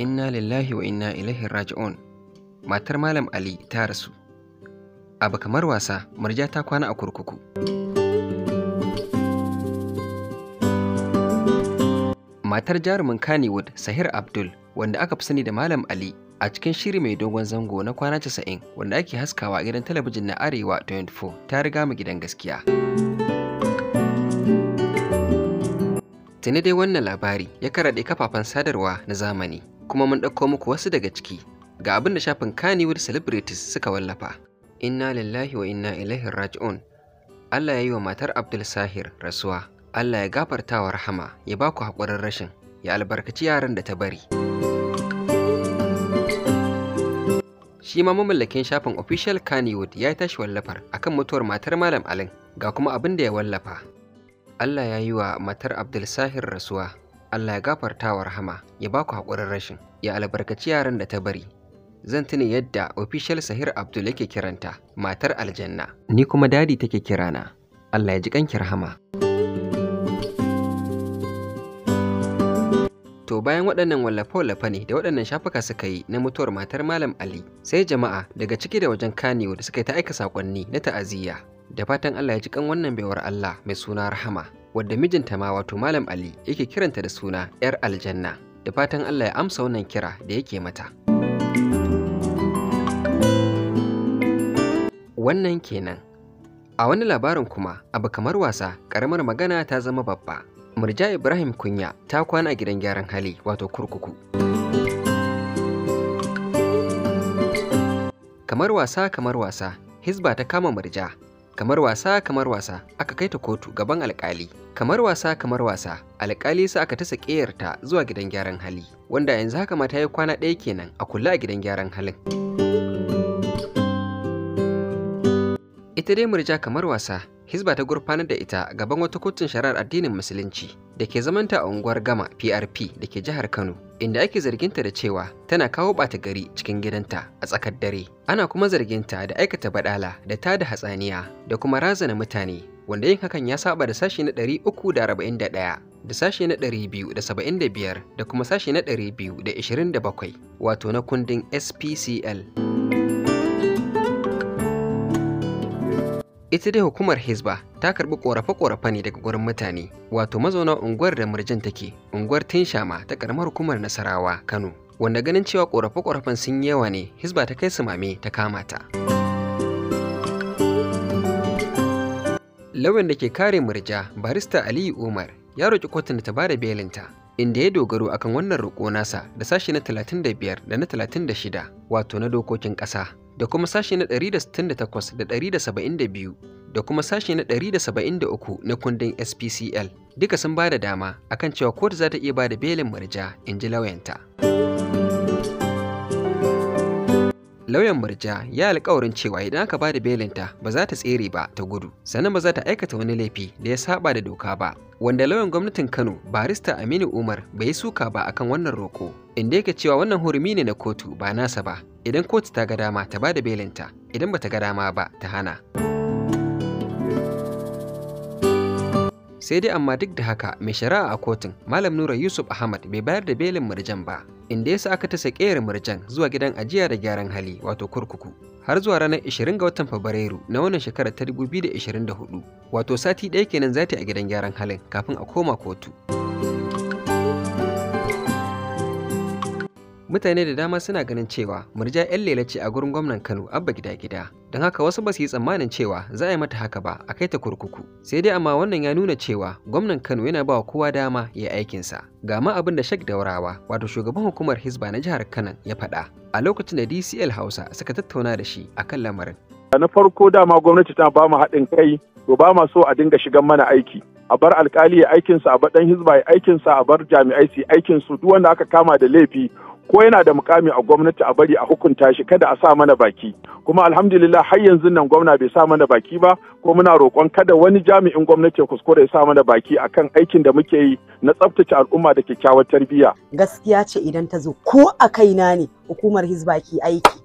inna lillahi wa inna ilaihi raji'un matar malam ali ta rasu abu kamar wasa murja ta kwana a kurkuku matar jarumin kannywood sahir abdul wanda aka fi sani da malam ali a cikin shiri mai dogon zango na kwana 90 wanda ake haskawa a gidan talabijin na arewa 24 ta riga mu gidan gaskiya tuni dai wannan labari ya karaɗe kafafen sadarwa na zamani kuma mun ɗauko muku wasu daga ciki ga abin da shafin Kannywood Celebrities suka wallafa. Inna lillahi wa inna ilaihi raji'un. Allah ya yi wa matar Abdul Sahir rasuwa. Allah ya gafarta wa rahama ya ba ku haƙurin rashin ya albarkaci yaran da ta bari. Shi ma mamallakin shafin official Kannywood ya tashi wallafar akan mutuwar matar Malam Alin ga kuma abin da ya wallafa. Allah ya yi wa matar Abdul Sahir rasuwa Allah ya gafarta wa rahama ya ba ku haƙurin rashin ya albarkaci yaran da ta bari zan tuna yadda official sahir abdul yake kiranta matar aljanna ni kuma dadi take kirana Allah ya ji kanki rahama to bayan waɗannan wallafa wallafa ne da waɗannan shafuka suka yi na mutuwar matar malam ali sai jama'a daga ciki da wajen kanewa da suka yi ta aika saƙonni na ta'aziyya da fatan Allah ya ji kan wannan baiwar Allah mai suna rahama wadda mijinta ma wato Malam Ali yake kiranta da suna 'yar aljanna da fatan Allah ya amsa wannan kira da yake mata. Wannan kenan. A wani labarin kuma, abu kamar wasa, ƙaramar magana ta zama babba. Murja Ibrahim Kunya ta kwana gidan gyaran hali wato kurkuku. Kamar wasa kamar wasa, Hisba ta kama Murja. Kamar wasa kamar wasa, aka kai ta kotu gaban alƙali. kamar wasa kamar wasa alƙali sa aka ta zuwa gidan gyaran hali wanda yanzu haka mata yi kwana ɗaya kenan a kula a gidan gyaran halin ita dai murja kamar wasa hisba ta gurfanar da ita gaban wata kotun shari'ar addinin musulunci da ke zamanta a unguwar gama prp da ke jihar kano inda ake zarginta da cewa tana kawo ɓata gari cikin gidanta a tsakar dare ana kuma zarginta da aikata baɗala da tada hatsaniya da kuma razana mutane wanda yin hakan ya saba da sashi na 341 da sashi na 275 da kuma sashi na 227 wato na kundin SPCL. Ita dai hukumar Hizba ta karɓi ƙorafe-ƙorafe ne daga gurin mutane, wato mazauna unguwar da murjin take, unguwar Tinshama ta ƙaramar hukumar Nasarawa, Kano, wanda ganin cewa ƙorafe-ƙorafen sun yawa ne, Hizba ta kai su mame ta kamata. lauyan da ke kare murja barista aliyu umar ya roƙi kotun da ta bada belinta inda ya dogaro akan wannan roƙo nasa da sashi na 35 da na 36 wato na dokokin ƙasa da kuma sashi na 168 da 172 da kuma sashi na 173 na kundin SPCL duka sun ba da dama akan cewa kotu za ta iya ba da belin marja in ji lauyanta. lauyan murja ya alkawarin cewa idan aka bada belinta ba za ta tsere ba ta gudu sannan ba za ta aikata wani laifi da ya saba da doka ba wanda lauyan gwamnatin kano barista aminu umar bai yi suka ba akan wannan roko inda yake cewa wannan hurumi ne na kotu ba nasa ba idan kotu ta ga dama ta bada belinta idan ba ta ga dama ba ta hana sai dai amma duk da haka mai shari'a a kotun malam nura yusuf ahmad bai bayar da belin murjan ba inda ya sa aka tasa ƙeyar murjan zuwa gidan ajiya da gyaran hali wato kurkuku har zuwa ranar 20 ga watan Fabrairu na wannan shekarar ta 2024 wato sati ɗaya kenan za ta a gidan gyaran halin kafin a koma kotu. mutane da dama suna ganin cewa murja 'yan lela ce a gurin gwamnan kano abba gida gida don haka wasu ba su yi tsammanin cewa za a yi mata haka ba a kai ta kurkuku sai dai amma wannan ya nuna cewa gwamnan kano yana ba wa kowa dama ya yi aikinsa ga ma abin da shak daurawa wato shugaban hukumar hisba na jihar kano ya faɗa a lokacin da dcl hausa suka tattauna da shi a kan lamarin na farko dama gwamnati ta ba mu haɗin kai to ba ma so a dinga shigan mana aiki a bar alkali ya aikinsa a bar ɗan hisba ya aikinsa a bar jami'ai su aikinsu duk wanda aka kama da laifi ko yana da mukami a gwamnati a bari a hukunta shi kada a sa mana baki kuma alhamdulillah har yanzu nan gwamna bai sa mana baki ba ko muna roƙon kada wani jami'in gwamnati ya kuskure ya sa mana baki akan aikin da muke yi na tsaftace al'umma da kyakkyawar tarbiyya gaskiya ce idan ta zo ko a kaina ne hukumar hizba ki aiki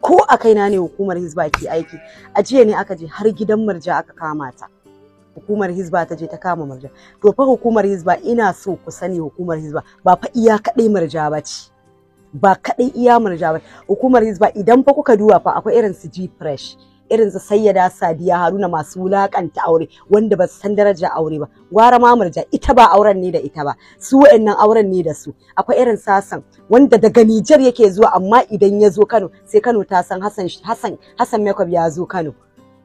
ko a kaina ne hukumar hizba ke aiki a jiya ne aka je har gidan murja aka kama ta hukumar hizba ta je ta kama marja to fa hukumar hizba ina so ku sani hukumar hizba ba fa iya kadai marja ba ce ba kadai iya marja ba hukumar hizba idan fa kuka duba fa akwai irin su ji fresh irin su sayyada sadiya haruna masu wulakanta aure wanda ba su san daraja aure ba gwara ma marja ita ba auren ne da ita ba su wa'annan auren ne da su akwai irin sasan wanda daga Nijar yake zuwa amma idan ya zo Kano sai Kano ta san hasan Hassan Hassan Makeup ya zo Kano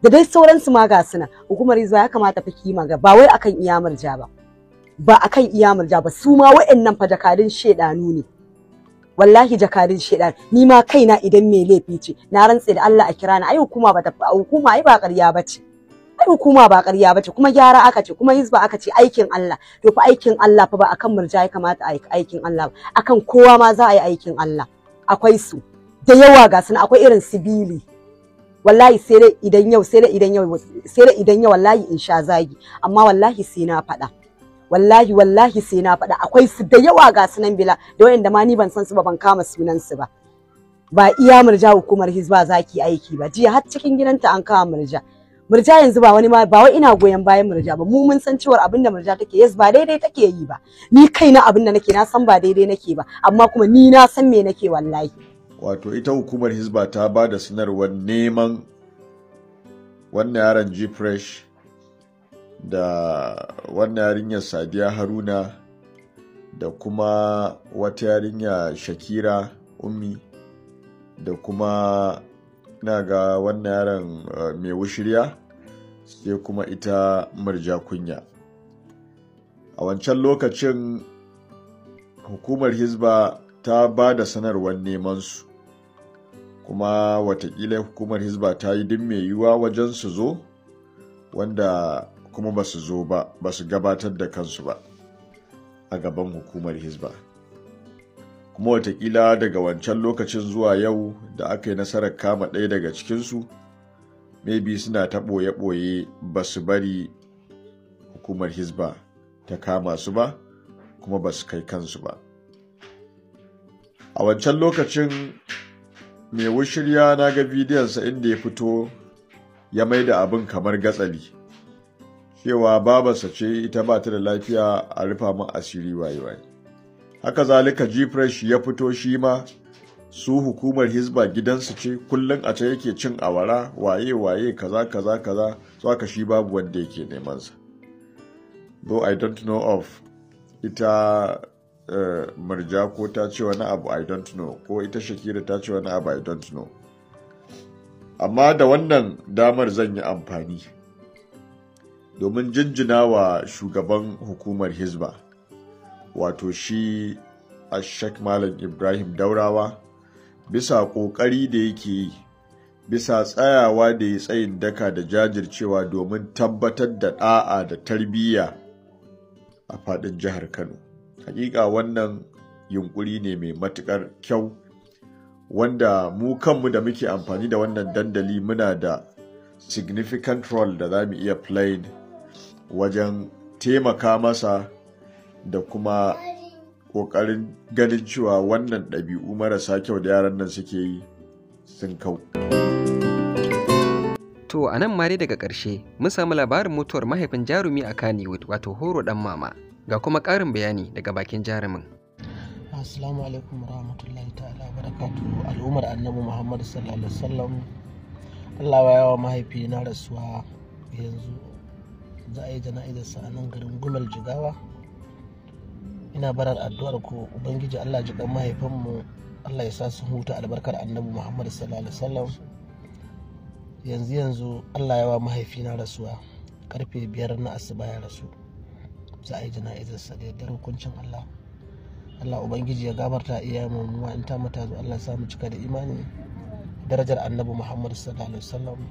da dai sauransu ma ga suna hukumar hizba ya kamata fa kima ga ba wai akan iya murja ba ba akan iya murja ba su ma wa'annan fa jakadun shedanu ne wallahi jakadun shedan ni ma kaina idan me laifi ce na rantse da Allah a kira ni. ai hukuma ba ta hukuma ai ba ƙarya bace ai hukuma ba ƙarya bace kuma gyara aka ce kuma hizba aka ce aikin Allah to fa aikin Allah fa ba akan murja ya kamata a aikin Allah akan kowa ma za a yi aikin Allah akwai su da yawa ga suna akwai irin sibili wallahi sai dai idan yau sai dai idan yau sai dai idan yau wallahi in sha zagi amma wallahi sai na faɗa wallahi wallahi sai na faɗa akwai su da yawa ga sunan bila da wanda ma ni ban san su ba ban kama sunan su ba ba iya murja hukumar hizba zaki aiki ba jiya har cikin gidanta an kama murja murja yanzu ba wani ma ba wai ina goyon bayan murja ba mu mun san cewa abin da murja take yes ba daidai take yi ba ni kaina abin da nake na san ba daidai nake ba amma kuma ni na san me nake wallahi wato ita hukumar hizba ta ba da sanarwar neman wannan yaron g fresh da wannan yarinyar sadiya haruna da kuma wata yarinya shakira ummi da kuma na ga wannan yaron eh, mai wushirya sai kuma ita murja kunya a wancan lokacin hukumar hizba ta ba da sanarwar neman su kuma watakila hukumar hizba ta yi duk mai yiwuwa wajen su zo wanda kuma ba su zo ba ba su gabatar da kansu ba a gaban hukumar hizba kuma watakila daga wancan lokacin zuwa yau da aka yi nasarar kama ɗaya daga cikinsu maybe suna ta ɓoye-ɓoye ba su bari hukumar hizba ta kama su ba kuma ba su kai kansu ba a wancan lokacin mai wushirya na ga bidiyonsa inda ya fito ya mai da abin kamar gatsali cewa babarsa ce ita ba ta da lafiya a rufa min asiri waye haka zalika jifresh ya fito shi ma su hukumar hizba gidansu ce kullum a ta yake cin awara waye-waye kaza kaza kaza tsaka shi babu wanda yake nemansa though i don't know of ita Eh, Marja ko ta ce wani abu i don't know ko ita shakira ta ce wani abu i don't know amma da wannan damar zan yi amfani domin jinjina wa shugaban hukumar hizba wato shi ashek malam ibrahim daurawa bisa ƙoƙari da yake yi bisa tsayawa da ya tsayin daka da jajircewa domin tabbatar da ɗa'a da tarbiyya a faɗin jihar kano hakika wannan yunkuri ne mai matukar kyau wanda mu kanmu da muke amfani da wannan dandali muna da significant role da za mu iya playing wajen taimaka masa da kuma ƙoƙarin ganin cewa wannan ɗabi'u marasa kyau da yaran nan suke yi sun kau. To a nan ma daga ƙarshe mun samu labarin mutuwar mahaifin jarumi a Kannywood wato horo ɗan mama ga kuma ƙarin bayani daga bakin jarumin assalamu alaikum rahmatullahi ta'ala barakatu al'ummar annabi muhammad sallallahu alaihi wasallam allah ya yawa mahaifi na rasuwa yanzu za a yi jana'izar sa a nan garin gumal jigawa ina barar addu'ar ku ubangiji allah ji kan mahaifinmu allah ya sa su huta albarkar annabi muhammad sallallahu alaihi wasallam yanzu yanzu allah ya wa mahaifina rasuwa karfe biyar na asuba ya rasu za a yi sa da yardar hukuncin Allah Allah ubangiji ya gabarta iyayen mu in ta mata Allah ya samu cika da imani darajar annabi Muhammad sallallahu alaihi wasallam